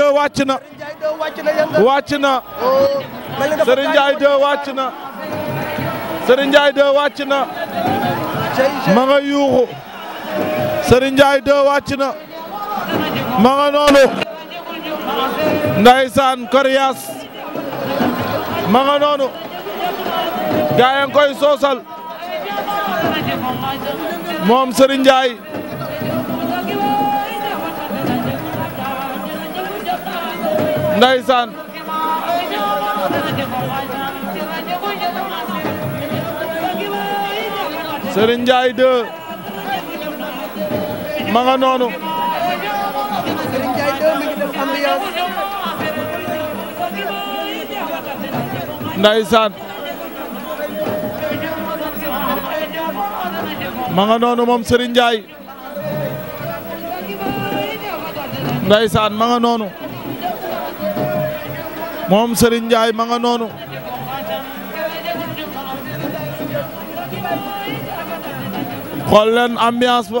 2 wàcc na. wàcc na. Serigne Ndiaye 2 wàcc na. Serigne Ndiaye wàcc na. ma yuuxu. Serigne Ndiaye 2 wàcc na. ma nga noonu. Ndaysaan Korias. ma noonu. gaa koy soosal. moom Serigne Ndiaye. Ndeysaan Serigne Ndiaye 2 noonu Serigne Ndiaye ma nga noonu moom Serigne Ndiaye Ndeysaan ma nga noonu moom Serigne Ndiaye ma nga noonu xool leen ambiance ba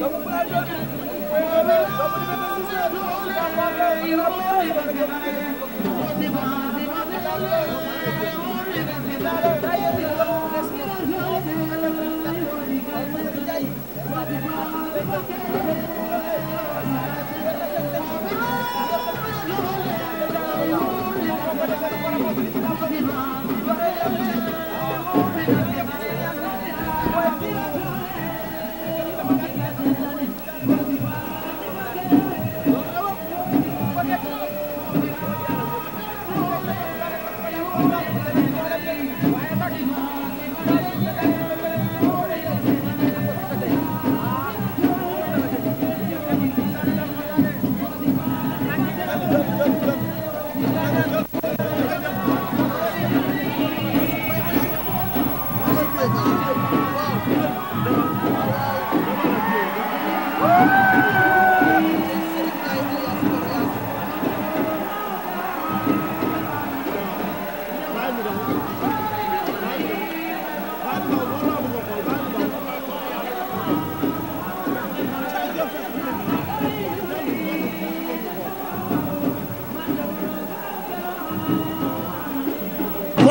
Vamos para a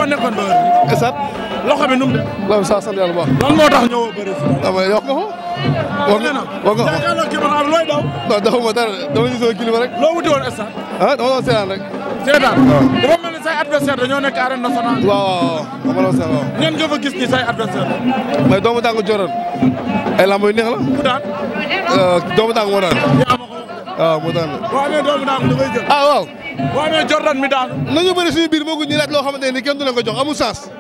foo nekkoon ba heure esat loxo bi nu mu. loolu saa sant yàlla bu baax. lan moo tax ñëwoo bëri si. ah mais yokk nga ko. wax nga wax nga jàkkaarloo kii ma am looy daw. non daxuma dara dama gis sama kilifa rek. loo wuti woon esat. ah dama doon seetaan rek. seetaan. waaw ah. dafa mel ni say adversaire dañoo nekk arène nationale. waaw waaw dama doon seet waaw. ñan nga fa gis ni say adversaire mais doomu tàng joroon ay lamb yu neex la. ku daan. Euh, doomu tàng moo daan. Ah, waaw mu daan la. boo amee doomu daanu da ngay jël. ah waaw. boo amee Jordan mi daanu. nañu bëri suñu biir moo ñu laaj loo xamante ne kenn du leen ko jox amul sens.